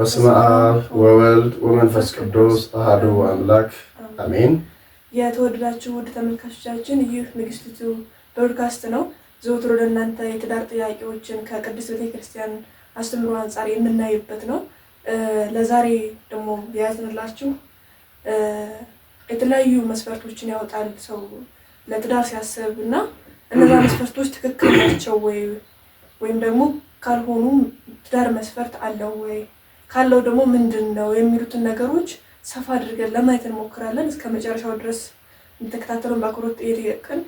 በስመ አብ ወወልድ ወመንፈስ ቅዱስ አሐዱ አምላክ አሜን። የተወደዳችሁ ውድ ተመልካቾቻችን ይህ ንግስቲቱ ብሮድካስት ነው። ዘወትር ወደ እናንተ የትዳር ጥያቄዎችን ከቅድስት ቤተክርስቲያን አስተምሮ አንጻር የምናይበት ነው። ለዛሬ ደግሞ የያዝንላችሁ የተለያዩ መስፈርቶችን ያወጣል ሰው ለትዳር ሲያስብ እና እነዛ መስፈርቶች ትክክል ናቸው ወይ ወይም ደግሞ ካልሆኑ ትዳር መስፈርት አለው ወይ ካለው ደግሞ ምንድን ነው የሚሉትን ነገሮች ሰፋ አድርገን ለማየት እንሞክራለን። እስከ መጨረሻው ድረስ እንተከታተሉን በአክብሮት እየጠየቅን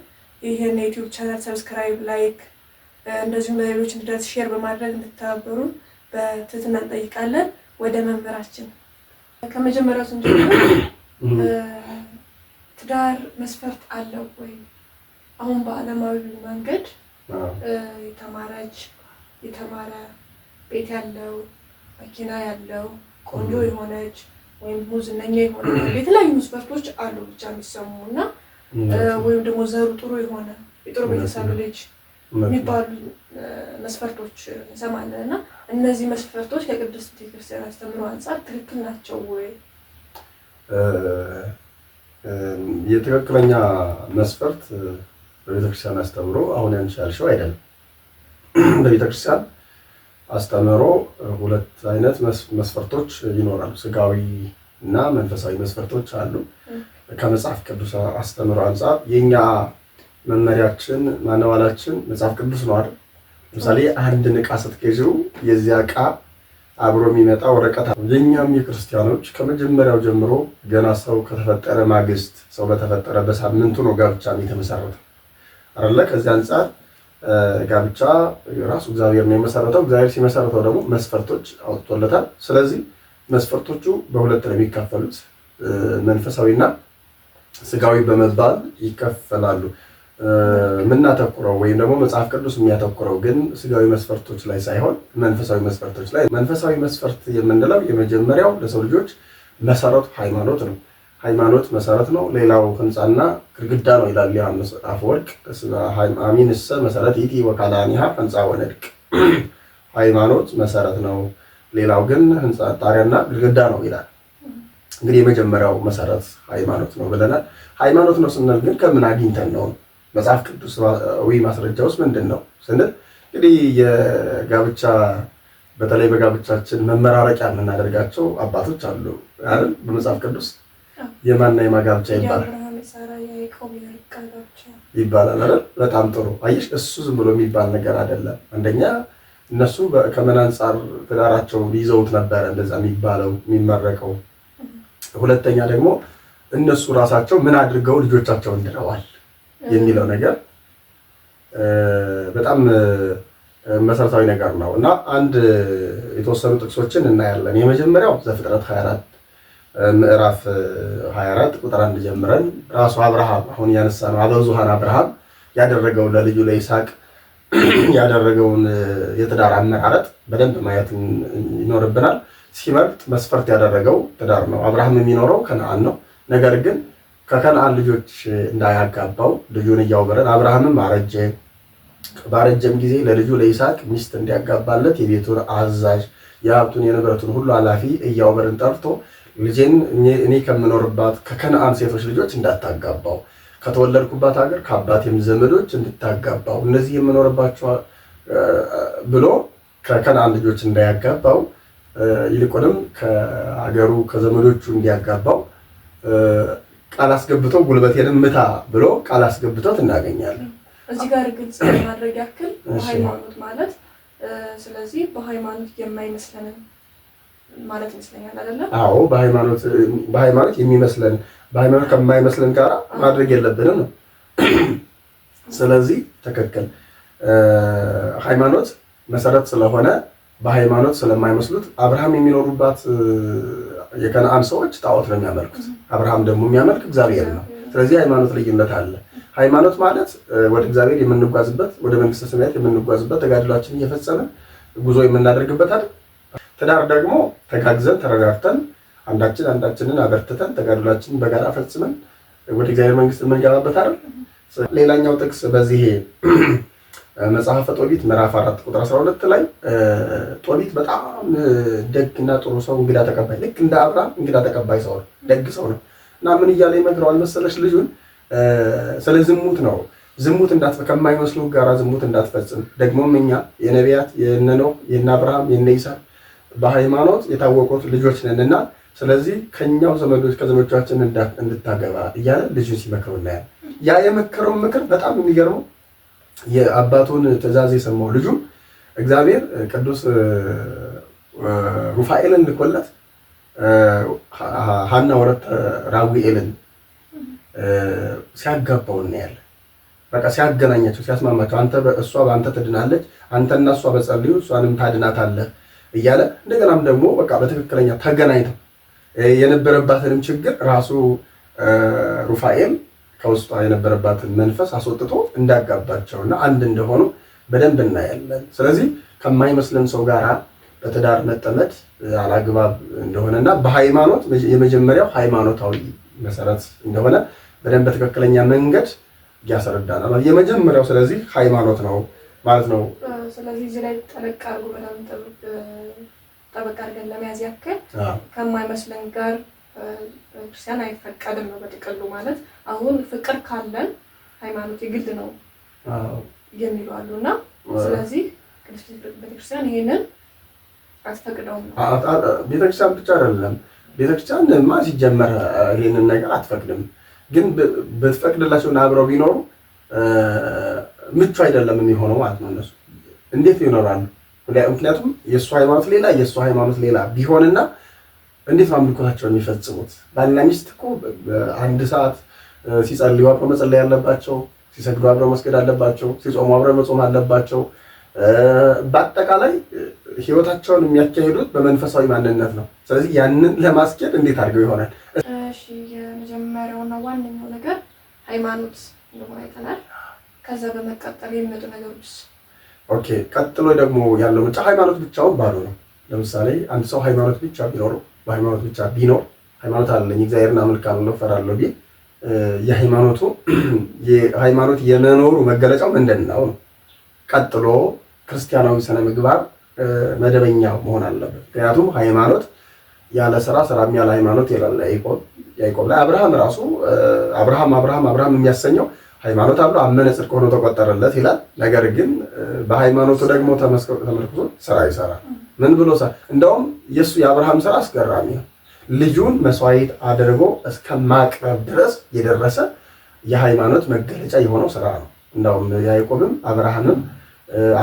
ይህን የዩቲዩብ ቻናል ሰብስክራይብ፣ ላይክ እንደዚሁም ለሌሎች እንዲደርስ ሼር በማድረግ እንድተባበሩን በትህትና እንጠይቃለን። ወደ መምህራችን ከመጀመሪያው ስንጀምር ትዳር መስፈርት አለው ወይ? አሁን በዓለማዊ መንገድ የተማረች የተማረ ቤት ያለው መኪና ያለው ቆንጆ የሆነች ወይም ሙዝነኛ የሆነ የተለያዩ መስፈርቶች አሉ ብቻ የሚሰሙ እና ወይም ደግሞ ዘሩ ጥሩ የሆነ የጥሩ ቤተሰብ ልጅ የሚባሉ መስፈርቶች እንሰማለን እና እነዚህ መስፈርቶች ከቅዱስ ቤተክርስቲያን አስተምሮ አንጻር ትክክል ናቸው ወይ? የትክክለኛ መስፈርት በቤተክርስቲያን አስተምሮ አሁን ያንቺ ያልሽው አይደለም። በቤተክርስቲያን አስተምህሮ ሁለት አይነት መስፈርቶች ይኖራሉ። ስጋዊ እና መንፈሳዊ መስፈርቶች አሉ። ከመጽሐፍ ቅዱስ አስተምህሮ አንጻር የኛ መመሪያችን ማነዋላችን መጽሐፍ ቅዱስ ነው አይደል? ለምሳሌ አንድ ዕቃ ስትገዢው የዚያ ዕቃ አብሮ የሚመጣ ወረቀት የእኛም የክርስቲያኖች ከመጀመሪያው ጀምሮ ገና ሰው ከተፈጠረ ማግስት ሰው በተፈጠረ በሳምንቱ ነው ጋብቻ የተመሰረተው አይደለ? ከዚህ አንጻር ጋብቻ ራሱ እግዚአብሔር ነው የመሰረተው። እግዚአብሔር ሲመሰረተው ደግሞ መስፈርቶች አውጥቶለታል። ስለዚህ መስፈርቶቹ በሁለት ነው የሚከፈሉት፣ መንፈሳዊና ስጋዊ በመባል ይከፈላሉ። የምናተኩረው ወይም ደግሞ መጽሐፍ ቅዱስ የሚያተኩረው ግን ስጋዊ መስፈርቶች ላይ ሳይሆን መንፈሳዊ መስፈርቶች ላይ። መንፈሳዊ መስፈርት የምንለው የመጀመሪያው ለሰው ልጆች መሰረቱ ሃይማኖት ነው። ሃይማኖት መሰረት ነው፣ ሌላው ህንፃና ግድግዳ ነው ይላል ዮሐንስ አፈወርቅ። አሚንሰ መሰረት ይእቲ ወካልአኒሃ ህንፃ ወነድቅ። ሃይማኖት መሰረት ነው፣ ሌላው ግን ህንፃ ጣሪያና ግድግዳ ነው ይላል። እንግዲህ የመጀመሪያው መሰረት ሃይማኖት ነው ብለናል። ሃይማኖት ነው ስንል ግን ከምን አግኝተን ነው? መጽሐፍ ቅዱሳዊ ማስረጃ ውስጥ ምንድን ነው ስንል እንግዲህ የጋብቻ በተለይ በጋብቻችን መመራረቂያ የምናደርጋቸው አባቶች አሉ አይደል? በመጽሐፍ ቅዱስ የማና የማጋብቻ ይባላል ይባላል አይደል? በጣም ጥሩ አየሽ፣ እሱ ዝም ብሎ የሚባል ነገር አይደለም። አንደኛ እነሱ ከምን አንጻር ትዳራቸውን ይዘውት ነበረ እንደዛ የሚባለው የሚመረቀው። ሁለተኛ ደግሞ እነሱ ራሳቸው ምን አድርገው ልጆቻቸውን ድረዋል የሚለው ነገር በጣም መሰረታዊ ነገር ነው እና አንድ የተወሰኑ ጥቅሶችን እናያለን። የመጀመሪያው ዘፍጥረት 24 ምዕራፍ 24 ቁጥር አንድ ጀምረን ራሱ አብርሃም አሁን ያነሳ ነው አበ አብርሃም ያደረገውን ለልጁ ለይስሐቅ ያደረገውን የትዳር አመራረጥ በደንብ ማየት ይኖርብናል። ሲመርጥ መስፈርት ያደረገው ትዳር ነው። አብርሃም የሚኖረው ከነአን ነው። ነገር ግን ከከነአን ልጆች እንዳያጋባው ልጁን እያወገረን አብርሃምም አረጀ። ባረጀም ጊዜ ለልጁ ለይስሐቅ ሚስት እንዲያጋባለት የቤቱን አዛዥ የሀብቱን የንብረቱን ሁሉ ኃላፊ እያወገርን ጠርቶ ልጄን እኔ ከምኖርባት ከከነአን ሴቶች ልጆች እንዳታጋባው፣ ከተወለድኩባት ሀገር ከአባቴም ዘመዶች እንድታጋባው፣ እነዚህ የምኖርባቸው ብሎ ከከነአን ልጆች እንዳያጋባው፣ ይልቁንም ከሀገሩ ከዘመዶቹ እንዲያጋባው ቃል አስገብተው ጉልበቴንም ምታ ብሎ ቃል አስገብተው እናገኛለን። እዚህ ጋር ግልጽ ማድረግ ያክል ሃይማኖት ማለት ስለዚህ በሃይማኖት የማይመስለንን ማለት ይመስለኛል አዎ፣ በሃይማኖት በሃይማኖት የሚመስለን በሃይማኖት ከማይመስለን ጋር ማድረግ የለብንም ነው። ስለዚህ ትክክል ሃይማኖት መሰረት ስለሆነ በሃይማኖት ስለማይመስሉት አብርሃም የሚኖሩባት የከነአን ሰዎች ጣዖት ነው የሚያመልኩት። አብርሃም ደግሞ የሚያመልክ እግዚአብሔር ነው። ስለዚህ ሃይማኖት ልዩነት አለ። ሃይማኖት ማለት ወደ እግዚአብሔር የምንጓዝበት ወደ መንግስተ ሰማያት የምንጓዝበት ተጋድሏችን እየፈጸመ ጉዞ የምናደርግበት አይደል ትዳር ደግሞ ተጋግዘን ተረጋግተን አንዳችን አንዳችንን አበርትተን ተጋድላችንን በጋራ ፈጽመን ወደ እግዚአብሔር መንግስት የምንገባበት አይደል? ሌላኛው ጥቅስ በዚህ መጽሐፈ ጦቢት ምዕራፍ አራት ቁጥር 12 ላይ ጦቢት በጣም ደግና ጥሩ ሰው እንግዳ ተቀባይ ልክ እንደ አብርሃም እንግዳ ተቀባይ ሰው ነው፣ ደግ ሰው ነው እና ምን እያለ ይመክረዋል መሰለሽ ልጁን ስለ ዝሙት ነው ዝሙት እንዳት ከማይመስሉ ጋራ ዝሙት እንዳትፈጽም ደግሞም እኛ የነቢያት የነ የነ አብርሃም የነ ይስሐቅ በሃይማኖት የታወቁት ልጆች ነንና ስለዚህ ከኛው ዘመዶች ከዘመዶቻችን እንድታገባ እያለ ልጁን ሲመክረው እናያል። ያ የመከረውን ምክር በጣም የሚገርመው የአባቱን ትእዛዝ የሰማው ልጁ እግዚአብሔር ቅዱስ ሩፋኤልን ልኮለት ሀና ወረተ ራጉኤልን ሲያጋባው እናያለን። በቃ ሲያገናኛቸው፣ ሲያስማማቸው አንተ እሷ በአንተ ትድናለች፣ አንተና እሷ በጸልዩ እሷንም ታድናታለህ እያለ እንደገናም ደግሞ በቃ በትክክለኛ ተገናኝተው የነበረባትንም ችግር ራሱ ሩፋኤም ከውስጧ የነበረባትን መንፈስ አስወጥቶ እንዳጋባቸውና አንድ እንደሆኑ በደንብ እናያለን። ስለዚህ ከማይመስለን ሰው ጋራ በትዳር መጠመድ አላግባብ እንደሆነና በሃይማኖት የመጀመሪያው ሃይማኖታዊ መሰረት እንደሆነ በደንብ በትክክለኛ መንገድ ያስረዳናል። የመጀመሪያው ስለዚህ ሃይማኖት ነው። ማለት ነው። ስለዚህ እዚህ ላይ ጠበቅ አድርጎ በጣም ጠበቅ አድርገን ለመያዝ ያክል ከማይመስለን ጋር ክርስቲያን አይፈቀድም ነው በጥቅሉ ማለት። አሁን ፍቅር ካለን ሃይማኖት የግድ ነው የሚሉ አሉ እና ስለዚህ ቤተክርስቲያን ይህንን አትፈቅደውም። ቤተክርስቲያን ብቻ አይደለም ቤተክርስቲያን ማ ሲጀመር ይህንን ነገር አትፈቅድም። ግን ብትፈቅድላቸውን አብረው ቢኖሩ ምቹ አይደለም የሚሆነው ማለት ነው። እነሱ እንዴት ይኖራሉ? ምክንያቱም የእሱ ሃይማኖት ሌላ የእሱ ሃይማኖት ሌላ ቢሆንና እንዴት አምልኮታቸውን የሚፈጽሙት? ባልና ሚስት እኮ አንድ ሰዓት ሲጸልዩ አብረው መጸለይ አለባቸው። ሲሰግዱ አብረው መስገድ አለባቸው። ሲጾሙ አብረው መጾም አለባቸው። በአጠቃላይ ህይወታቸውን የሚያካሂዱት በመንፈሳዊ ማንነት ነው። ስለዚህ ያንን ለማስኬድ እንዴት አድርገው ይሆናል? እሺ የመጀመሪያውና ዋነኛው ነገር ሃይማኖት እንደሆነ አይተናል። ከዛ በመቀጠል የሚመጡ ነገሮች ኦኬ። ቀጥሎ ደግሞ ያለው ምርጫ ሃይማኖት ብቻውን ባዶ ነው። ለምሳሌ አንድ ሰው ሃይማኖት ብቻ ቢኖረው በሃይማኖት ብቻ ቢኖር ሃይማኖት አለኝ እግዚአብሔርን አመልካለሁ እፈራለሁ ቢል የሃይማኖቱ የሃይማኖት የመኖሩ መገለጫው ምንድን ነው? ቀጥሎ ክርስቲያናዊ ስነ ምግባር መደበኛ መሆን አለበት። ምክንያቱም ሃይማኖት ያለ ስራ ስራም ያለ ሃይማኖት ይላል ያዕቆብ ላይ አብርሃም ራሱ አብርሃም አብርሃም አብርሃም የሚያሰኘው ሃይማኖት አብሎ አመነ ጽድቅ ሆኖ ተቆጠረለት ይላል። ነገር ግን በሃይማኖቱ ደግሞ ተመርክዞ ስራ ይሰራል። ምን ብሎ እንደውም የእሱ የአብርሃም ስራ አስገራሚ ነው። ልጁን መስዋዕት አድርጎ እስከ ማቅረብ ድረስ የደረሰ የሃይማኖት መገለጫ የሆነው ስራ ነው። እንደውም ያዕቆብም አብርሃምም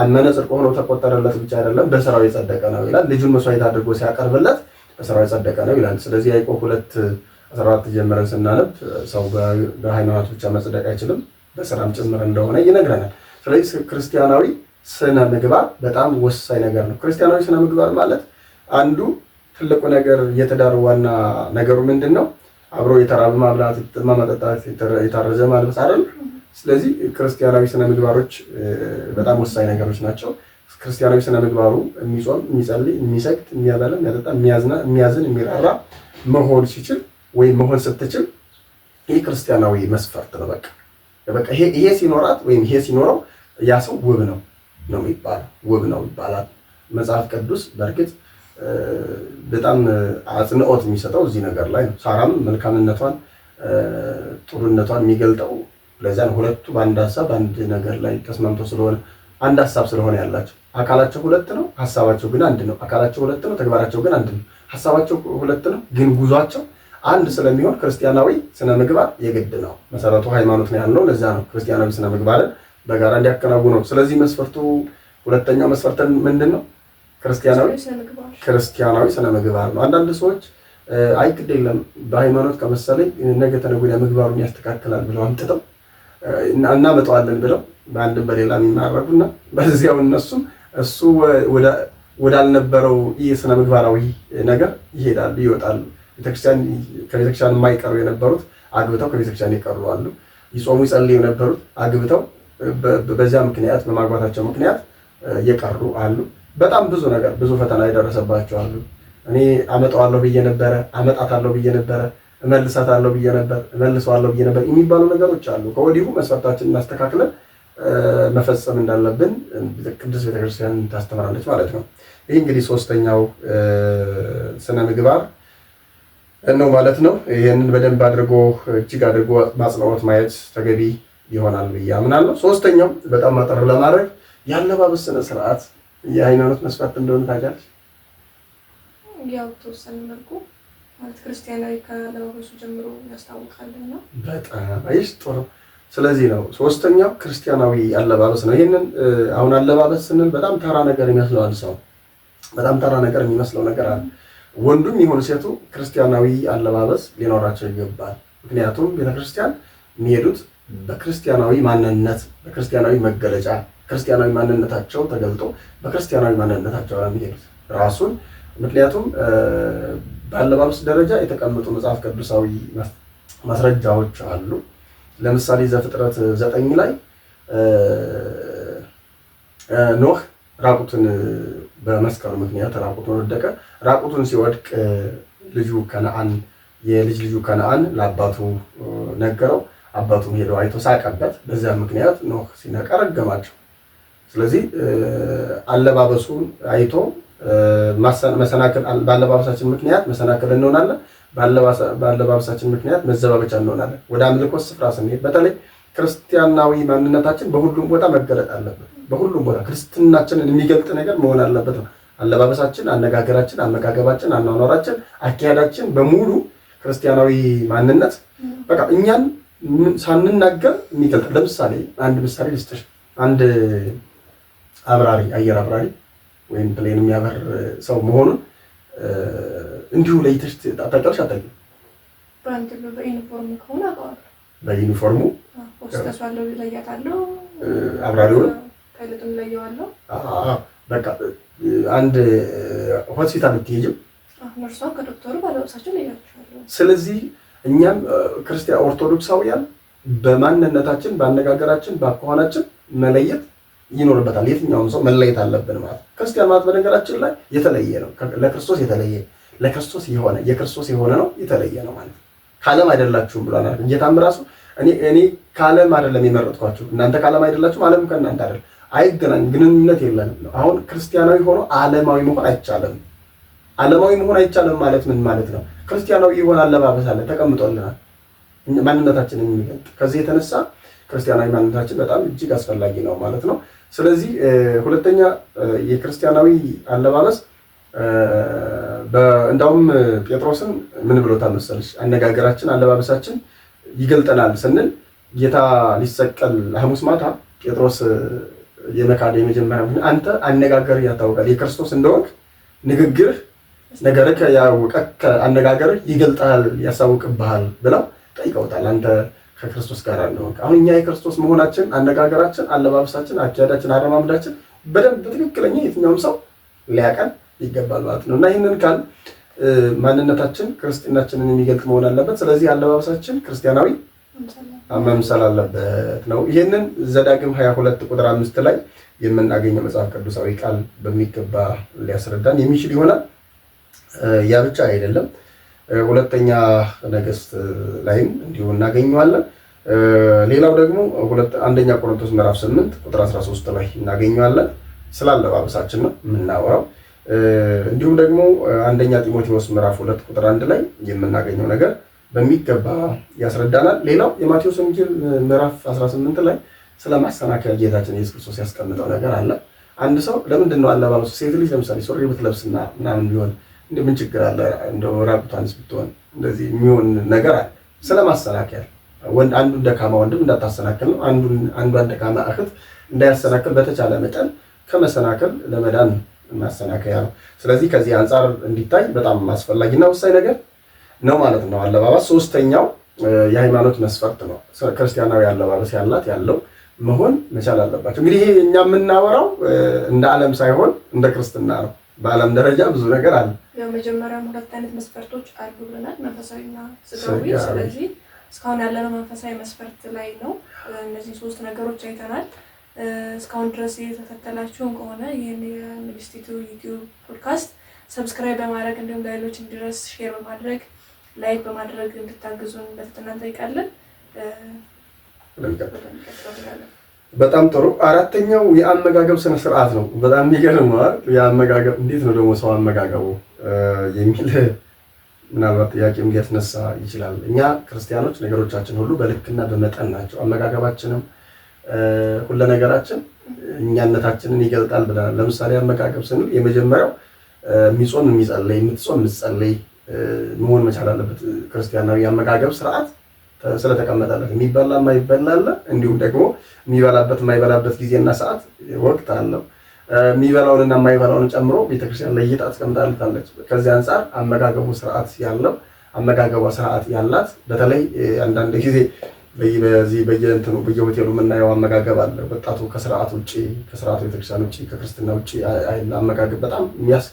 አመነ ጽድቅ ሆኖ ተቆጠረለት ብቻ አይደለም በስራው የጸደቀ ነው ይላል። ልጁን መስዋዕት አድርጎ ሲያቀርብለት በስራው የጸደቀ ነው ይላል። ስለዚህ ያዕቆብ ሁለት አስራአራት ጀምረን ስናነብ ሰው በሃይማኖት ብቻ መጽደቅ አይችልም በስራም ጭምር እንደሆነ ይነግረናል። ስለዚህ ክርስቲያናዊ ስነ ምግባር በጣም ወሳኝ ነገር ነው። ክርስቲያናዊ ስነ ምግባር ማለት አንዱ ትልቁ ነገር የትዳር ዋና ነገሩ ምንድን ነው? አብሮ የተራበ ማብላት፣ የተጠማ ማጠጣት፣ የታረዘ ማልበስ አይደል? ስለዚህ ክርስቲያናዊ ስነ ምግባሮች በጣም ወሳኝ ነገሮች ናቸው። ክርስቲያናዊ ስነ ምግባሩ የሚጾም፣ የሚጸልይ፣ የሚሰግድ፣ የሚያበላ፣ የሚያጠጣ፣ የሚያዝን፣ የሚራራ መሆን ሲችል ወይም መሆን ስትችል ይህ ክርስቲያናዊ መስፈርት ነው። በቃ በቃ ይሄ ሲኖራት ወይም ይሄ ሲኖረው ያ ሰው ውብ ነው ነው የሚባለው፣ ውብ ነው ይባላል። መጽሐፍ ቅዱስ በእርግጥ በጣም አጽንኦት የሚሰጠው እዚህ ነገር ላይ ነው። ሳራም መልካምነቷን ጥሩነቷን የሚገልጠው ለዚያን ሁለቱ በአንድ ሀሳብ በአንድ ነገር ላይ ተስማምቶ ስለሆነ አንድ ሀሳብ ስለሆነ ያላቸው አካላቸው ሁለት ነው፣ ሀሳባቸው ግን አንድ ነው። አካላቸው ሁለት ነው፣ ተግባራቸው ግን አንድ ነው። ሀሳባቸው ሁለት ነው፣ ግን ጉዟቸው አንድ ስለሚሆን ክርስቲያናዊ ስነ ምግባር የግድ ነው። መሰረቱ ሃይማኖት ነው ያለው። ለዛ ነው። ክርስቲያናዊ ስነ ምግባርን በጋራ እንዲያከናውኑ ነው። ስለዚህ መስፈርቱ ሁለተኛው መስፈርትን ምንድን ነው? ክርስቲያናዊ ክርስቲያናዊ ስነ ምግባር ነው። አንዳንድ ሰዎች አይ ግድ የለም በሃይማኖት ከመሰለኝ ነገ ተነገ ወዲያ ምግባሩን ያስተካክላል ብለው አምጥተው እናመጣዋለን ብለው በአንድም በሌላ የሚማረጉና በዚያው እነሱም እሱ ወዳልነበረው ይህ ስነ ምግባራዊ ነገር ይሄዳሉ፣ ይወጣሉ። ቤተክርስቲያን ከቤተክርስቲያን የማይቀሩ የነበሩት አግብተው ከቤተክርስቲያን ይቀሩ አሉ። ይጾሙ ይጸልዩ የነበሩት አግብተው በዚያ ምክንያት በማግባታቸው ምክንያት የቀሩ አሉ። በጣም ብዙ ነገር ብዙ ፈተና የደረሰባቸው አሉ። እኔ አመጣዋለሁ ብዬ ነበረ፣ አመጣታለሁ ብዬ ነበረ፣ እመልሳታለሁ ብዬ ነበር፣ እመልሰዋለሁ ብዬ ነበር የሚባሉ ነገሮች አሉ። ከወዲሁ መስፈርታችን እናስተካክለን መፈጸም እንዳለብን ቅዱስ ቤተክርስቲያን ታስተምራለች ማለት ነው። ይህ እንግዲህ ሶስተኛው ስነ ምግባር ነው ማለት ነው። ይህንን በደንብ አድርጎ እጅግ አድርጎ ማጽናወት ማየት ተገቢ ይሆናል ብዬ አምናለሁ። ሶስተኛው በጣም አጠር ለማድረግ የአለባበስ ስነ ስርዓት የሃይማኖት መስፈርት እንደሆነ ታውቃለች። ያው ተወሰነ መልኩ ማለት ክርስቲያናዊ ከአለባበሱ ጀምሮ ያስታውቃልና በጣም ይህ ጥሩ። ስለዚህ ነው ሶስተኛው ክርስቲያናዊ አለባበስ ነው። ይህንን አሁን አለባበስ ስንል በጣም ተራ ነገር የሚመስለው ሰው በጣም ተራ ነገር የሚመስለው ነገር አለ ወንዱም ይሁን ሴቱ ክርስቲያናዊ አለባበስ ሊኖራቸው ይገባል። ምክንያቱም ቤተክርስቲያን የሚሄዱት በክርስቲያናዊ ማንነት በክርስቲያናዊ መገለጫ ክርስቲያናዊ ማንነታቸው ተገልጦ በክርስቲያናዊ ማንነታቸው ነው የሚሄዱት ራሱን ምክንያቱም በአለባበስ ደረጃ የተቀመጡ መጽሐፍ ቅዱሳዊ ማስረጃዎች አሉ። ለምሳሌ ዘፍጥረት ዘጠኝ ላይ ኖህ ራቁትን በመስቀሉ ምክንያት ራቁቱን ወደቀ። ራቁቱን ሲወድቅ ልጁ ከነአን የልጅ ልጁ ከነአን ለአባቱ ነገረው። አባቱም ሄዶ አይቶ ሳቀበት። በዚያ ምክንያት ኖህ ሲነቃ ረገማቸው። ስለዚህ አለባበሱን አይቶ መሰናክል በአለባበሳችን ምክንያት መሰናክል እንሆናለን። በአለባበሳችን ምክንያት መዘባበቻ እንሆናለን። ወደ አምልኮት ስፍራ ስንሄድ በተለይ ክርስቲያናዊ ማንነታችን በሁሉም ቦታ መገለጥ አለበት። በሁሉም ቦታ ክርስትናችንን የሚገልጥ ነገር መሆን አለበት ነው። አለባበሳችን፣ አነጋገራችን፣ አመጋገባችን፣ አኗኗራችን፣ አካሄዳችን በሙሉ ክርስቲያናዊ ማንነት በቃ እኛን ሳንናገር የሚገልጥ ለምሳሌ አንድ ምሳሌ ልስጥሽ። አንድ አብራሪ አየር አብራሪ ወይም ፕሌን የሚያበር ሰው መሆኑን እንዲሁ ለይተሽ ታውቂያለሽ አታውቂም? በዩኒፎርሙ ከሆነ በዩኒፎርሙ አብራሪውን ከልጥም ላይ በቃ አንድ ሆስፒታል ብትሄጅም ነርሷ ከዶክተሩ ባለብሳቸው ሌላቸዋለ። ስለዚህ እኛም ክርስቲያን ኦርቶዶክሳውያን በማንነታችን በአነጋገራችን በአኳኋናችን መለየት ይኖርበታል። የትኛውም ሰው መለየት አለብን ማለት ክርስቲያን ማለት በነገራችን ላይ የተለየ ነው። ለክርስቶስ የተለየ ለክርስቶስ የሆነ የክርስቶስ የሆነ ነው የተለየ ነው ማለት ከዓለም አይደላችሁም ብሏል። ጌታም ራሱ እኔ ከዓለም አይደለም የመረጥኳችሁ እናንተ ከዓለም አይደላችሁም ዓለም ከእናንተ አይደለም አይገናኝ፣ ግንኙነት የለንም ነው። አሁን ክርስቲያናዊ ሆኖ ዓለማዊ መሆን አይቻልም። ዓለማዊ መሆን አይቻልም ማለት ምን ማለት ነው? ክርስቲያናዊ የሆነ አለባበስ አለ ተቀምጦልናል፣ ማንነታችን የሚገልጥ ከዚህ የተነሳ ክርስቲያናዊ ማንነታችን በጣም እጅግ አስፈላጊ ነው ማለት ነው። ስለዚህ ሁለተኛ የክርስቲያናዊ አለባበስ እንዳውም ጴጥሮስን ምን ብሎታል መሰለሽ? አነጋገራችን አለባበሳችን ይገልጠናል ስንል ጌታ ሊሰቀል ሐሙስ ማታ ጴጥሮስ የመካደ የመጀመሪያ ምድ አንተ አነጋገር ያታውቃል የክርስቶስ እንደሆንክ ንግግርህ ነገር ያውቀከ አነጋገርህ ይገልጣል ያሳውቅብሃል ብለው ጠይቀውታል። አንተ ከክርስቶስ ጋር እንደሆንክ አሁን እኛ የክርስቶስ መሆናችን አነጋገራችን፣ አለባበሳችን፣ አካሄዳችን፣ አረማመዳችን በደንብ በትክክለኛ የትኛውም ሰው ሊያቀን ይገባል ማለት ነው እና ይህንን ካል ማንነታችን ክርስትናችንን የሚገልጥ መሆን አለበት። ስለዚህ አለባበሳችን ክርስቲያናዊ መምሰል አለበት ነው። ይህንን ዘዳግም 22 ቁጥር አምስት ላይ የምናገኘው መጽሐፍ ቅዱሳዊ ቃል በሚገባ ሊያስረዳን የሚችል ይሆናል። ያ ብቻ አይደለም፣ ሁለተኛ ነገስት ላይም እንዲሁ እናገኘዋለን። ሌላው ደግሞ አንደኛ ቆሮንቶስ ምዕራፍ 8 ቁጥር 13 ላይ እናገኘዋለን። ስላለባበሳችን ነው የምናወራው። እንዲሁም ደግሞ አንደኛ ጢሞቴዎስ ምዕራፍ 2 ቁጥር 1 ላይ የምናገኘው ነገር በሚገባ ያስረዳናል። ሌላው የማቴዎስ ወንጌል ምዕራፍ 18 ላይ ስለ ማሰናከያ ጌታችን ኢየሱስ ክርስቶስ ያስቀምጠው ነገር አለ። አንድ ሰው ለምንድን ነው አለባበሱ ሴት ልጅ ለምሳሌ ሱሪ ብትለብስና ምናምን ቢሆን እንደ ምን ችግር አለ? እንደ ራቁቷንስ ብትሆን እንደዚህ የሚሆን ነገር አለ። ስለ ማሰናከያ ወንድ አንዱን ደካማ ወንድም እንዳታሰናክል ነው። አንዱን አንዷን ደካማ እህት እንዳያሰናክል በተቻለ መጠን ከመሰናከል ለመዳን ማሰናከያ ነው። ስለዚህ ከዚህ አንጻር እንዲታይ በጣም አስፈላጊና ወሳኝ ነገር ነው ማለት ነው። አለባበስ ሶስተኛው የሃይማኖት መስፈርት ነው። ክርስቲያናዊ አለባበስ ያላት ያለው መሆን መቻል አለባቸው። እንግዲህ ይሄ እኛ የምናወራው እንደ ዓለም ሳይሆን እንደ ክርስትና ነው። በዓለም ደረጃ ብዙ ነገር አለ። መጀመሪያም ሁለት አይነት መስፈርቶች አሉ ብለናል፣ መንፈሳዊና ስጋዊ። ስለዚህ እስካሁን ያለነው መንፈሳዊ መስፈርት ላይ ነው። እነዚህ ሶስት ነገሮች አይተናል። እስካሁን ድረስ የተከተላችሁን ከሆነ ይህን የሚኒስቲቱ ዩቲዩብ ፖድካስት ሰብስክራይብ በማድረግ እንዲሁም ለሌሎች እንዲደርስ ሼር በማድረግ ላይክ በማድረግ እንድታግዙን በትህትና እንጠይቃለን። በጣም ጥሩ። አራተኛው የአመጋገብ ስነ ስርዓት ነው። በጣም የሚገርመዋል የአመጋገብ እንዴት ነው ደግሞ ሰው አመጋገቡ የሚል ምናልባት ጥያቄም ሊያስነሳ ይችላል። እኛ ክርስቲያኖች ነገሮቻችን ሁሉ በልክና በመጠን ናቸው። አመጋገባችንም ሁለ ነገራችን እኛነታችንን ይገልጣል ብለናል። ለምሳሌ አመጋገብ ስንል የመጀመሪያው የሚጾም የሚጸለይ፣ የምትጾም የምትጸለይ መሆን መቻል አለበት። ክርስቲያናዊ የአመጋገብ ስርዓት ስለተቀመጠለት የሚበላ የማይበላለ እንዲሁም ደግሞ የሚበላበት የማይበላበት ጊዜና ሰዓት ወቅት አለው። የሚበላውንና የማይበላውን ጨምሮ ቤተክርስቲያን ለይጣ አስቀምጣለታለች። ከዚህ አንጻር አመጋገቡ ስርዓት ያለው አመጋገቧ ስርዓት ያላት በተለይ አንዳንድ ጊዜ በዚህ በየእንትኑ በየሆቴሉ የምናየው አመጋገብ አለ። ወጣቱ ከስርዓት ውጭ ከስርዓቱ ቤተክርስቲያን ውጭ ከክርስትና ውጭ አመጋገብ በጣም የሚያስ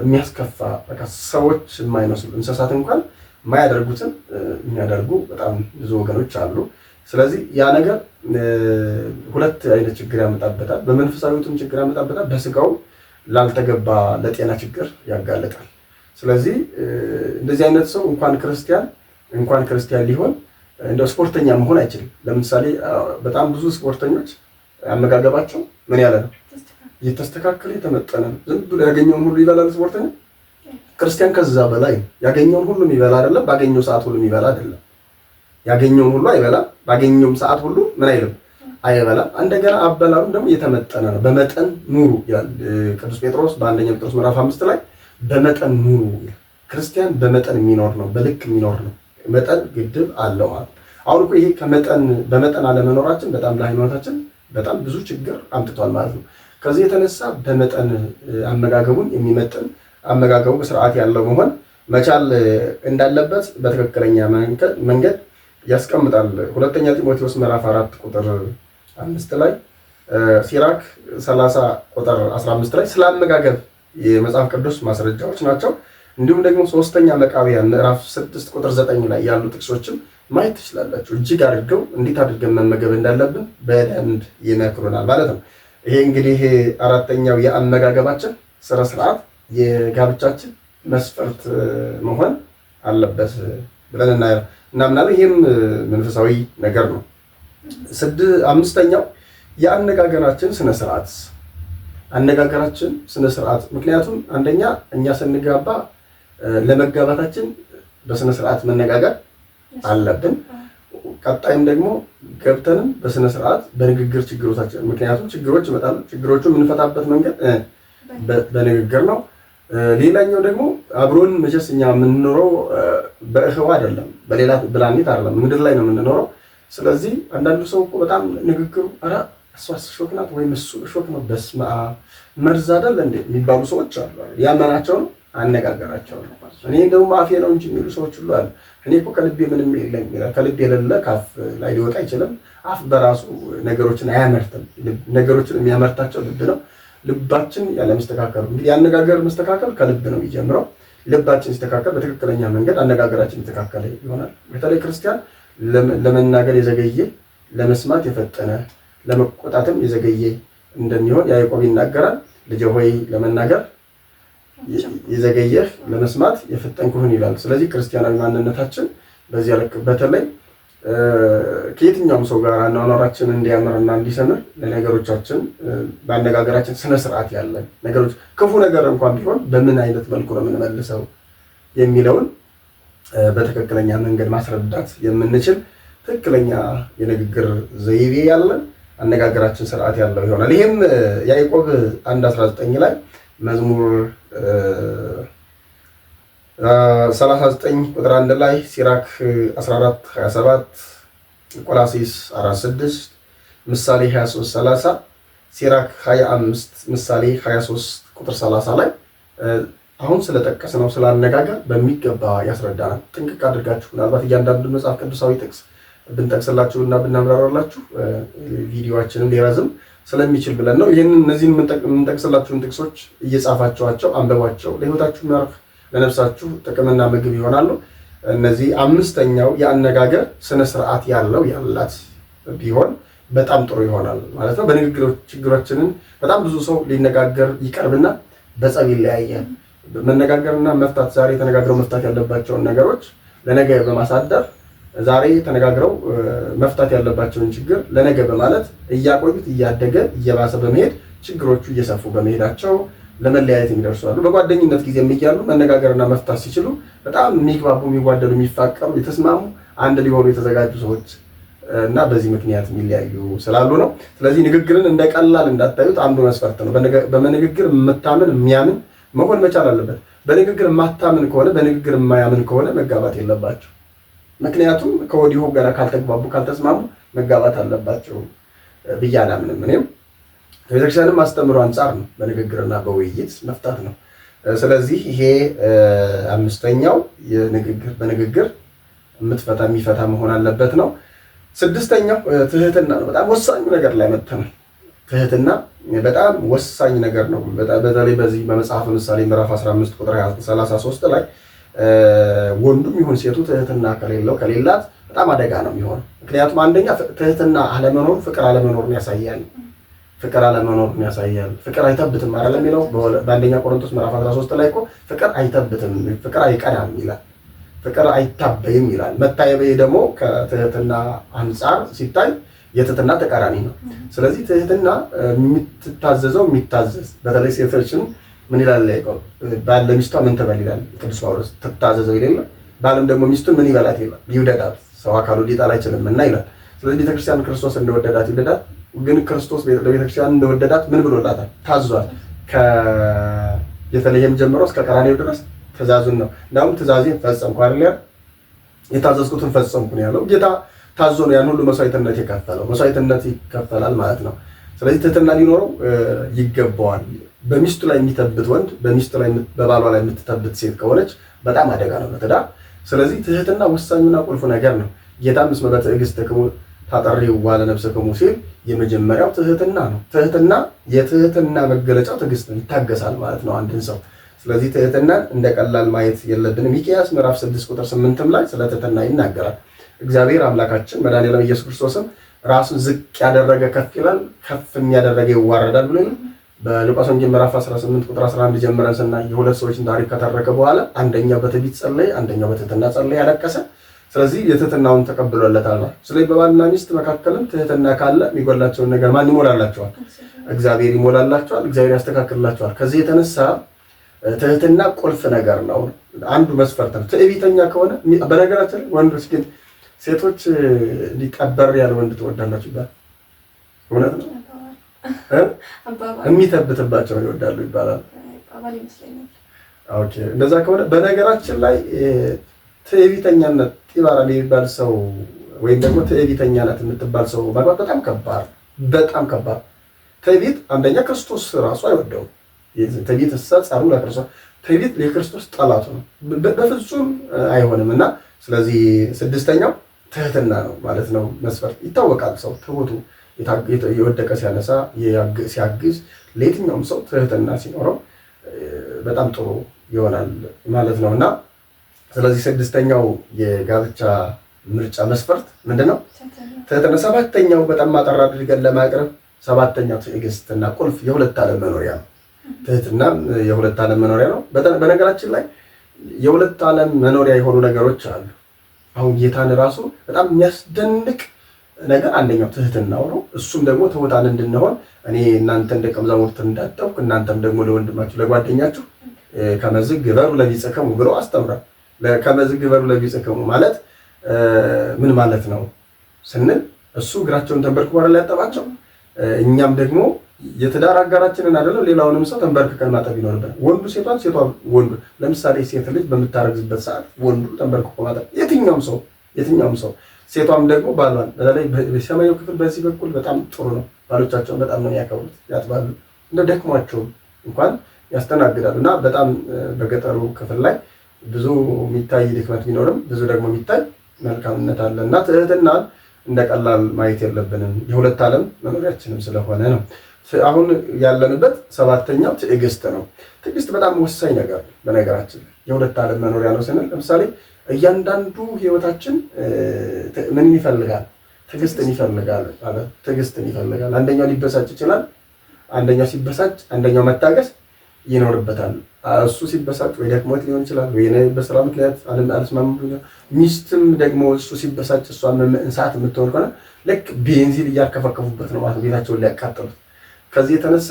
የሚያስከፋ በቃ ሰዎች የማይመስሉ እንስሳት እንኳን የማያደርጉትን የሚያደርጉ በጣም ብዙ ወገኖች አሉ። ስለዚህ ያ ነገር ሁለት አይነት ችግር ያመጣበታል። በመንፈሳዊቱም ችግር ያመጣበታል፣ በስጋው ላልተገባ ለጤና ችግር ያጋለጣል። ስለዚህ እንደዚህ አይነት ሰው እንኳን ክርስቲያን እንኳን ክርስቲያን ሊሆን እንደ ስፖርተኛ መሆን አይችልም። ለምሳሌ በጣም ብዙ ስፖርተኞች አመጋገባቸው ምን ያለ ነው የተስተካከለ የተመጠነ ዝም ብሎ ያገኘውን ሁሉ ይበላል ስፖርተኛ። ክርስቲያን ከዛ በላይ ያገኘውን ሁሉ የሚበላ አይደለም፣ ባገኘው ሰዓት ሁሉ የሚበላ አይደለም። ያገኘውን ሁሉ አይበላም፣ ባገኘውም ሰዓት ሁሉ ምን አይልም አይበላም። እንደገና አበላሉ ደግሞ የተመጠነ ነው። በመጠን ኑሩ ይላል ቅዱስ ጴጥሮስ በአንደኛ ጴጥሮስ ምዕራፍ አምስት ላይ በመጠን ኑሩ። ክርስቲያን በመጠን የሚኖር ነው፣ በልክ የሚኖር ነው። መጠን ግድብ አለው አሁን አሁን እኮ ይሄ ከመጠን በመጠን አለመኖራችን በጣም ለሃይማኖታችን በጣም ብዙ ችግር አምጥቷል ማለት ነው። ከዚህ የተነሳ በመጠን አመጋገቡን የሚመጥን አመጋገቡ ስርዓት ያለው መሆን መቻል እንዳለበት በትክክለኛ መንገድ ያስቀምጣል። ሁለተኛ ጢሞቴዎስ ምዕራፍ አራት ቁጥር አምስት ላይ ሲራክ 30 ቁጥር 15 ላይ ስለ አመጋገብ የመጽሐፍ ቅዱስ ማስረጃዎች ናቸው። እንዲሁም ደግሞ ሶስተኛ መቃቢያ ምዕራፍ 6 ቁጥር 9 ላይ ያሉ ጥቅሶችም ማየት ትችላላችሁ። እጅግ አድርገው እንዴት አድርገን መመገብ እንዳለብን በደንብ ይመክሩናል ማለት ነው። ይሄ እንግዲህ አራተኛው የአመጋገባችን ስነ ስርዓት የጋብቻችን መስፈርት መሆን አለበት ብለን እናምናለን። ይህም መንፈሳዊ ነገር ነው። አምስተኛው የአነጋገራችን ስነ ስርዓት አነጋገራችን ስነ ስርዓት። ምክንያቱም አንደኛ እኛ ስንጋባ ለመጋባታችን በስነ ስርዓት መነጋገር አለብን። ቀጣይም ደግሞ ገብተንም በስነ ስርዓት በንግግር ችግሮታችን ምክንያቱም ችግሮች ይመጣሉ። ችግሮቹ የምንፈታበት መንገድ በንግግር ነው። ሌላኛው ደግሞ አብሮን መቼስ እኛ የምንኖረው በእህዋ አይደለም፣ በሌላ ብላኒት አይደለም፣ ምድር ላይ ነው የምንኖረው። ስለዚህ አንዳንዱ ሰው እኮ በጣም ንግግሩ ኧረ እሷስ እሾክ ናት ወይም እሱ እሾክ ነው፣ በስመ አብ መርዝ አይደል እንዴ የሚባሉ ሰዎች አሉ። ያመናቸው ነው አነጋገራቸው ነው። እኔ ደግሞ አፌ ነው እንጂ የሚሉ ሰዎች ሁሉ አሉ። እኔ እኮ ከልቤ ምንም የለም ይላል። ከልቤ የሌለ ካፍ ላይ ሊወጣ አይችልም። አፍ በራሱ ነገሮችን አያመርትም። ነገሮችን የሚያመርታቸው ልብ ነው። ልባችን ያለመስተካከሉ እንግዲህ የአነጋገር መስተካከል ከልብ ነው የሚጀምረው። ልባችን ሲስተካከል በትክክለኛ መንገድ አነጋገራችን የተካከለ ይሆናል። በተለይ ክርስቲያን ለመናገር የዘገየ ለመስማት የፈጠነ ለመቆጣትም የዘገየ እንደሚሆን ያዕቆብ ይናገራል። ልጄ ሆይ ለመናገር የዘገየህ ለመስማት የፈጠንክ ይላል። ስለዚህ ክርስቲያናዊ ማንነታችን በዚህ ልክ በተለይ ከየትኛውም ሰው ጋር አኗኗራችን እንዲያምርና እንዲሰምር ለነገሮቻችን በአነጋገራችን ስነስርዓት ያለን ነገሮች ክፉ ነገር እንኳን ቢሆን በምን አይነት መልኩ ነው የምንመልሰው የሚለውን በትክክለኛ መንገድ ማስረዳት የምንችል ትክክለኛ የንግግር ዘይቤ ያለን አነጋገራችን ስርዓት ያለው ይሆናል። ይህም ያዕቆብ አንድ አስራ ዘጠኝ ላይ መዝሙር 39 ቁጥር 1 ላይ ሲራክ 14 27 ቆላሲስ 46 ምሳሌ 23 30 ሲራክ 25 ምሳሌ 23 ቁጥር 30 ላይ አሁን ስለጠቀስነው ነው ስላነጋገር በሚገባ ያስረዳናል። ጥንቅቅ አድርጋችሁ ምናልባት እያንዳንዱ መጽሐፍ ቅዱሳዊ ጥቅስ ብንጠቅስላችሁ እና ብናምራራላችሁ ቪዲዮችንም ሊረዝም ስለሚችል ብለን ነው። ይህንን እነዚህን የምንጠቅስላችሁን ጥቅሶች እየጻፋችኋቸው አንበቧቸው። ለህይወታችሁ መርህ፣ ለነፍሳችሁ ጥቅምና ምግብ ይሆናሉ። እነዚህ አምስተኛው የአነጋገር ስነ ስርዓት ያለው ያላት ቢሆን በጣም ጥሩ ይሆናል ማለት ነው። በንግግሮች ችግሮችንን በጣም ብዙ ሰው ሊነጋገር ይቀርብና በጸብ ይለያያል። መነጋገርና መፍታት ዛሬ ተነጋግረው መፍታት ያለባቸውን ነገሮች ለነገ በማሳደር ዛሬ ተነጋግረው መፍታት ያለባቸውን ችግር ለነገ በማለት እያቆዩት እያደገ እየባሰ በመሄድ ችግሮቹ እየሰፉ በመሄዳቸው ለመለያየት የሚደርሷሉ። በጓደኝነት ጊዜ የሚያሉ መነጋገርና መፍታት ሲችሉ በጣም የሚግባቡ፣ የሚዋደዱ፣ የሚፋቀሩ፣ የተስማሙ አንድ ሊሆኑ የተዘጋጁ ሰዎች እና በዚህ ምክንያት የሚለያዩ ስላሉ ነው። ስለዚህ ንግግርን እንደ ቀላል እንዳታዩት አንዱ መስፈርት ነው። በንግግር የምታምን የሚያምን መሆን መቻል አለበት። በንግግር የማታምን ከሆነ በንግግር የማያምን ከሆነ መጋባት የለባቸው። ምክንያቱም ከወዲሁ ገና ካልተግባቡ ካልተስማሙ መጋባት አለባቸው ብዬ አላምንም። እኔም ቤተክርስቲያንም አስተምሮ አንጻር ነው በንግግርና በውይይት መፍታት ነው። ስለዚህ ይሄ አምስተኛው በንግግር የምትፈታ የሚፈታ መሆን አለበት ነው። ስድስተኛው ትህትና ነው። በጣም ወሳኙ ነገር ላይ መጥተናል። ትህትና በጣም ወሳኝ ነገር ነው። በተለይ በዚህ በመጽሐፍ ምሳሌ ምዕራፍ 15 ቁጥር 33 ላይ ወንዱም ይሁን ሴቱ ትህትና ከሌለው ከሌላት በጣም አደጋ ነው የሚሆን። ምክንያቱም አንደኛ ትህትና አለመኖር ፍቅር አለመኖርን ያሳያል። ፍቅር አለመኖርን ያሳያል። ፍቅር አይተብትም አለ የሚለው በአንደኛ ቆሮንቶስ ምዕራፍ 13 ላይ እኮ ፍቅር አይተብትም፣ ፍቅር አይቀናም ይላል፣ ፍቅር አይታበይም ይላል። መታየበይ ደግሞ ከትህትና አንጻር ሲታይ የትህትና ተቃራኒ ነው። ስለዚህ ትህትና የምትታዘዘው የሚታዘዝ በተለይ ሴቶችን ምን ይላል ያዕቆብ? ባል ለሚስቷ ምን ትበል ይላል ቅዱስ ጳውሎስ። ትታዘዘው ይላል። ባልም ደግሞ ሚስቱን ምን ይበላት ይላል? ይውደዳት፣ ሰው አካሉ ሊጣል አይችልም እና ይላል። ስለዚህ ቤተክርስቲያን ክርስቶስ እንደወደዳት ይውደዳት። ግን ክርስቶስ ለቤተክርስቲያን እንደወደዳት ምን ብሎላታል? ታዟል። ከየተለየም ጀምሮ እስከ ቀራኔው ድረስ ትእዛዙን ነው። እንዳውም ትእዛዜን ፈጸምኩ አይደል ያ የታዘዝኩትን ፈጸምኩ ነው ያለው። ጌታ ታዞ ነው ያን ሁሉ መስዋዕትነት የከፈለው። መስዋዕትነት ይከፈላል ማለት ነው። ስለዚህ ትህትና ሊኖረው ይገባዋል። በሚስቱ ላይ የሚተብት ወንድ በሚስቱ ላይ በባሏ ላይ የምትተብት ሴት ከሆነች በጣም አደጋ ነው ለትዳር። ስለዚህ ትህትና ወሳኙና ቁልፍ ነገር ነው። ጌታም እስመ በትዕግሥት ክሙ ለነፍስክሙ ሲል የመጀመሪያው ትህትና ነው። ትህትና የትህትና መገለጫው ትዕግስት ይታገሳል ማለት ነው አንድን ሰው። ስለዚህ ትህትናን እንደ ቀላል ማየት የለብንም። ሚክያስ ምዕራፍ ስድስት ቁጥር ስምንትም ላይ ስለ ትህትና ይናገራል። እግዚአብሔር አምላካችን መድኃኒዓለም ኢየሱስ ክርስቶስም ራሱ ዝቅ ያደረገ ከፍ ይላል፣ ከፍ የሚያደረገ ይዋረዳል ብሎ በሉቃስ ወንጌል ምዕራፍ 18 ቁጥር 11 ጀምረን ስናይ የሁለት ሰዎችን ታሪክ ከተረከ በኋላ አንደኛው በትዕቢት ጸለየ፣ አንደኛው በትህትና ጸለየ፣ ያለቀሰ። ስለዚህ የትህትናውን ተቀብሎለታል ነው። ስለዚህ በባልና ሚስት መካከልም ትህትና ካለ የሚጎላቸውን ነገር ማን ይሞላላቸዋል? እግዚአብሔር ይሞላላቸዋል። እግዚአብሔር ያስተካክልላቸዋል። ከዚህ የተነሳ ትህትና ቁልፍ ነገር ነው። አንዱ መስፈርት ነው። ትዕቢተኛ ከሆነ በነገራችን ወንዶች ግን ሴቶች ሊቀበር ያለ ወንድ ትወዳላችሁ ይባላል። እውነት ነው። የሚተብትባቸው ይወዳሉ ይባላል። እንደዛ ከሆነ በነገራችን ላይ ትዕቢተኛነት ጢባራ የሚባል ሰው ወይም ደግሞ ትዕቢተኛነት የምትባል ሰው ማግባት በጣም ከባድ በጣም ከባድ። ትዕቢት አንደኛ ክርስቶስ ራሱ አይወደውም። ትዕቢት እንስሳ ጸሩ ለክርስቶስ ትዕቢት የክርስቶስ ጠላቱ ነው። በፍጹም አይሆንም እና ስለዚህ ስድስተኛው ትህትና ነው ማለት ነው መስፈርት ይታወቃል። ሰው ትሁቱ የወደቀ ሲያነሳ ሲያግዝ፣ ለየትኛውም ሰው ትህትና ሲኖረው በጣም ጥሩ ይሆናል ማለት ነው እና ስለዚህ ስድስተኛው የጋብቻ ምርጫ መስፈርት ምንድን ነው? ትህትና። ሰባተኛው በጣም አጠር አድርገን ለማቅረብ ሰባተኛው ትዕግስትና ቁልፍ የሁለት ዓለም መኖሪያ ነው። ትህትና የሁለት ዓለም መኖሪያ ነው። በነገራችን ላይ የሁለት ዓለም መኖሪያ የሆኑ ነገሮች አሉ አሁን ጌታን ራሱ በጣም የሚያስደንቅ ነገር አንደኛው ትህትናው ነው። እሱም ደግሞ ትሑታን እንድንሆን እኔ እናንተን ደቀ መዛሙርት እንዳጠብኩ እናንተም ደግሞ ለወንድማችሁ ለጓደኛችሁ ከመዝግ ግበሩ ለቢጸከሙ ብሎ አስተምራል። ከመዝግ ግበሩ ለቢጸከሙ ማለት ምን ማለት ነው ስንል እሱ እግራቸውን ተንበርክኮ ያጠባቸው እኛም ደግሞ የትዳር አጋራችንን አይደለም ሌላውንም ሰው ተንበርክከን ማጠብ ይኖርብናል። ወንዱ ሴቷን፣ ሴቷ ወንዱ። ለምሳሌ ሴት ልጅ በምታረግዝበት ሰዓት ወንዱ ተንበርክኮ ማጠብ የትኛውም ሰው የትኛውም ሰው ሴቷም ደግሞ ባሏን በተለይ በሰማዩ ክፍል በዚህ በኩል በጣም ጥሩ ነው። ባሎቻቸውን በጣም ነው ያከብሩት፣ ያጥባሉ፣ እንደ ደክሟቸውም እንኳን ያስተናግዳሉ። እና በጣም በገጠሩ ክፍል ላይ ብዙ የሚታይ ድክመት ቢኖርም ብዙ ደግሞ የሚታይ መልካምነት አለ እና ትህትናን ቀላል ማየት የለብንም የሁለት ዓለም መኖሪያችንም ስለሆነ ነው። አሁን ያለንበት ሰባተኛው ትዕግስት ነው። ትዕግስት በጣም ወሳኝ ነገር በነገራችን የሁለት ዓለም መኖሪያ ነው ስንል ለምሳሌ እያንዳንዱ ህይወታችን ምን ይፈልጋል? ትዕግስትን ይፈልጋል። ትዕግስትን ይፈልጋል። አንደኛው ሊበሳጭ ይችላል። አንደኛው ሲበሳጭ አንደኛው መታገስ ይኖርበታል። እሱ ሲበሳጭ ወይ ደክሞት ሊሆን ይችላል፣ ወይ በስራ ምክንያት አልስማም ሚስትም ደግሞ እሱ ሲበሳጭ እሷ ሰዓት የምትሆን ከሆነ ልክ ቤንዚን እያርከፈከፉበት ነው ማለት ቤታቸውን ሊያቃጥሉት ከዚህ የተነሳ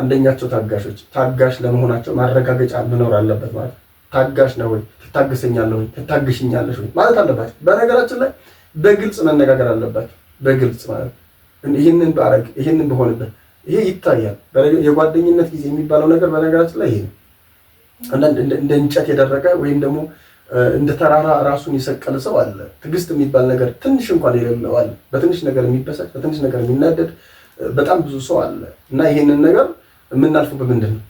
አንደኛቸው ታጋሾች ታጋሽ ለመሆናቸው ማረጋገጫ መኖር አለበት። ማለት ታጋሽ ነው ወይ ትታገሰኛለህ ወይ ትታገሽኛለሽ ወይ ማለት አለባቸው። በነገራችን ላይ በግልጽ መነጋገር አለባቸው። በግልጽ ማለት ይህንን ባረግ ይህንን በሆንበት ይሄ ይታያል። የጓደኝነት ጊዜ የሚባለው ነገር በነገራችን ላይ ይሄ ነው። አንዳንድ እንደ እንጨት የደረቀ ወይም ደግሞ እንደ ተራራ ራሱን የሰቀለ ሰው አለ። ትዕግስት የሚባል ነገር ትንሽ እንኳን የሌለው አለ። በትንሽ ነገር የሚበሳጭ፣ በትንሽ ነገር የሚናደድ በጣም ብዙ ሰው አለ እና ይህንን ነገር የምናልፈው በምንድን ነው?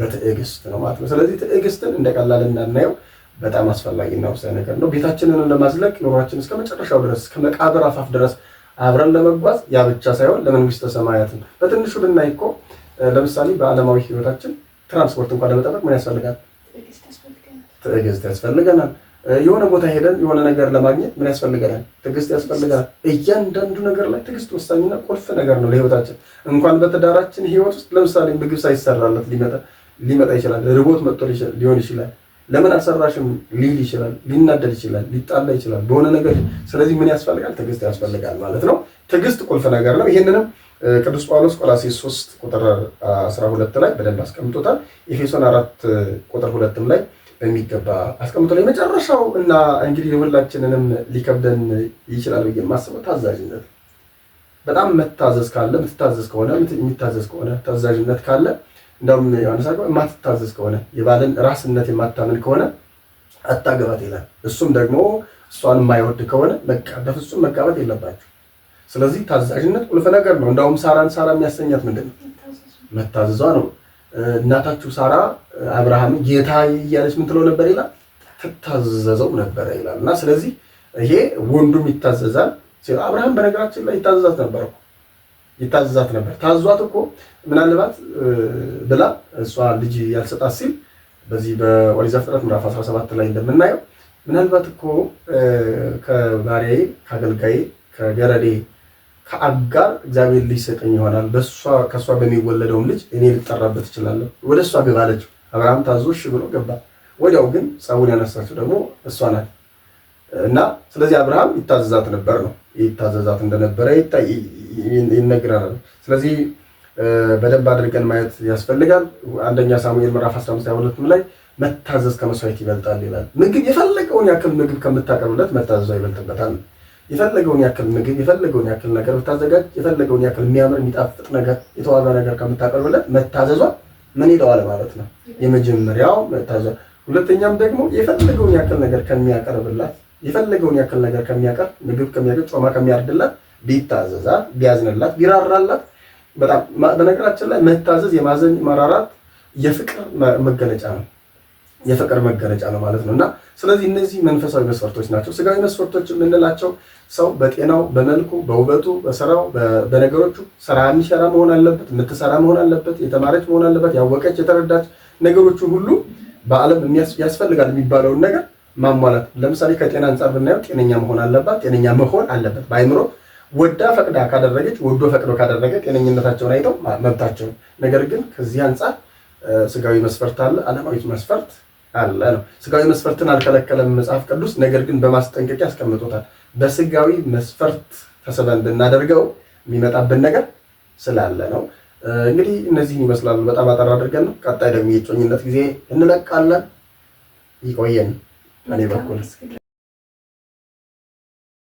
በትዕግስት ነው ማለት ነው። ስለዚህ ትዕግስትን እንደ ቀላል እንዳናየው በጣም አስፈላጊና ወሳኝ ነገር ነው። ቤታችንን ለማዝለቅ ኑሯችን እስከ መጨረሻው ድረስ እስከ መቃብር አፋፍ ድረስ አብረን ለመጓዝ ያ ብቻ ሳይሆን ለመንግስተ ሰማያትም በትንሹ ብናይ እኮ ለምሳሌ በዓለማዊ ህይወታችን ትራንስፖርት እንኳን ለመጠበቅ ምን ያስፈልጋል? ትዕግስት ያስፈልገናል። የሆነ ቦታ ሄደን የሆነ ነገር ለማግኘት ምን ያስፈልገናል? ትዕግስት ያስፈልገናል። እያንዳንዱ ነገር ላይ ትዕግስት ወሳኝና ቁልፍ ነገር ነው ለህይወታችን። እንኳን በትዳራችን ህይወት ውስጥ ለምሳሌ ምግብ ሳይሰራለት ሊመጣ ይችላል። ርቦት መጥቶ ሊሆን ይችላል። ለምን አልሰራሽም ሊል ይችላል። ሊናደድ ይችላል። ሊጣላ ይችላል በሆነ ነገር። ስለዚህ ምን ያስፈልጋል? ትዕግስት ያስፈልጋል ማለት ነው። ትዕግስት ቁልፍ ነገር ነው። ይህንንም ቅዱስ ጳውሎስ ቆላሴ 3 ቁጥር 12 ላይ በደንብ አስቀምጦታል። ኤፌሶን 4 ቁጥር ሁለትም ላይ በሚገባ አስቀምጦ የመጨረሻው እና እንግዲህ የሁላችንንም ሊከብደን ይችላል ብዬ የማስበው ታዛዥነት በጣም መታዘዝ ካለ ምትታዘዝ ከሆነ የሚታዘዝ ከሆነ ታዛዥነት ካለ እንደውም ዮሐንስ አ የማትታዘዝ ከሆነ የባልን ራስነት የማታምን ከሆነ አታገባት ይላል። እሱም ደግሞ እሷን የማይወድ ከሆነ በፍጹም መጋባት የለባቸው። ስለዚህ ታዛዥነት ቁልፍ ነገር ነው። እንዳውም ሳራን ሳራ የሚያሰኛት ምንድን ነው? መታዘዟ ነው። እናታችሁ ሳራ አብርሃም ጌታ እያለች ምን ትለው ነበር ይላል፣ ትታዘዘው ነበረ ይላል። እና ስለዚህ ይሄ ወንዱም ይታዘዛል። አብርሃም በነገራችን ላይ ይታዘዛት ነበር እኮ ይታዘዛት ነበር። ታዟት እኮ ምናልባት ብላ እሷ ልጅ ያልሰጣት ሲል በዚህ በኦሪት ዘፍጥረት ምዕራፍ 17 ላይ እንደምናየው ምናልባት እኮ ከባሪያዬ፣ ከአገልጋዬ፣ ከገረዴ ከአጋር እግዚአብሔር ልጅ ሰጠኝ ይሆናል ከእሷ በሚወለደውም ልጅ እኔ ልጠራበት እችላለሁ። ወደ እሷ ግባ አለችው። አብርሃም ታዞ እሺ ብሎ ገባ። ወዲያው ግን ፀቡን ያነሳችው ደግሞ እሷ ናት እና ስለዚህ አብርሃም ይታዘዛት ነበር ነው ይታዘዛት እንደነበረ ይነግራል። ስለዚህ በደንብ አድርገን ማየት ያስፈልጋል። አንደኛ ሳሙኤል ምዕራፍ 15 ሁለትም ላይ መታዘዝ ከመስዋዕት ይበልጣል ይላል። ምግብ የፈለገውን ያክል ምግብ ከምታቀርብለት መታዘዙ ይበልጥበታል። የፈለገውን ያክል ምግብ የፈለገውን ያክል ነገር ብታዘጋጅ የፈለገውን ያክል የሚያምር የሚጣፍጥ ነገር የተዋ ነገር ከምታቀርብለት መታዘዟ ምን ይለዋል ማለት ነው። የመጀመሪያው መታዘ። ሁለተኛም ደግሞ የፈለገውን ያክል ነገር ከሚያቀርብላት የፈለገውን ያክል ነገር ከሚያቀር ምግብ ከሚያቀርብ ጮማ ከሚያርድላት ቢታዘዛ ቢያዝንላት፣ ቢራራላት በጣም በነገራችን ላይ መታዘዝ የማዘን መራራት የፍቅር መገለጫ ነው የፍቅር መገለጫ ነው ማለት ነው። እና ስለዚህ እነዚህ መንፈሳዊ መስፈርቶች ናቸው። ስጋዊ መስፈርቶች የምንላቸው ሰው በጤናው፣ በመልኩ፣ በውበቱ፣ በስራው፣ በነገሮቹ ስራ የሚሰራ መሆን አለበት። የምትሰራ መሆን አለበት። የተማረች መሆን አለበት። ያወቀች፣ የተረዳች ነገሮቹ ሁሉ በዓለም ያስፈልጋል የሚባለውን ነገር ማሟላት። ለምሳሌ ከጤና አንጻር ብናየው ጤነኛ መሆን አለባት። ጤነኛ መሆን አለበት በአይምሮ ወዳ ፈቅዳ ካደረገች ወዶ ፈቅዶ ካደረገ ጤነኝነታቸውን አይተው መብታቸውን። ነገር ግን ከዚህ አንጻር ስጋዊ መስፈርት አለ፣ አለማዊት መስፈርት አለ ነው። ስጋዊ መስፈርትን አልከለከለም መጽሐፍ ቅዱስ፣ ነገር ግን በማስጠንቀቂያ ያስቀምጦታል። በስጋዊ መስፈርት ተስበን ብናደርገው የሚመጣብን ነገር ስላለ ነው። እንግዲህ እነዚህን ይመስላሉ። በጣም አጠር አድርገን ነው። ቀጣይ ደግሞ የጮኝነት ጊዜ እንለቃለን። ይቆየን። እኔ በኩል